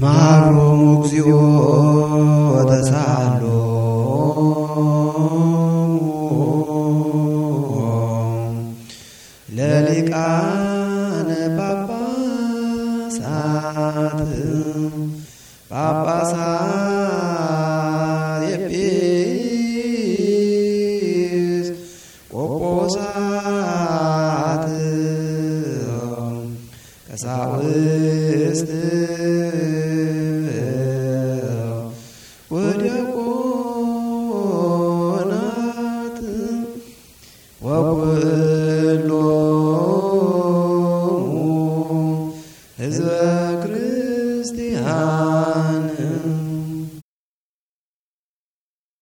ማሩም እግዚኦ ወተሳሎ ለሊቃነ ጳጳሳት ጳጳሳት ኤጲስ ቆጶሳት ቀሳውስት وكلهم ሕዝበ ክርስቲያን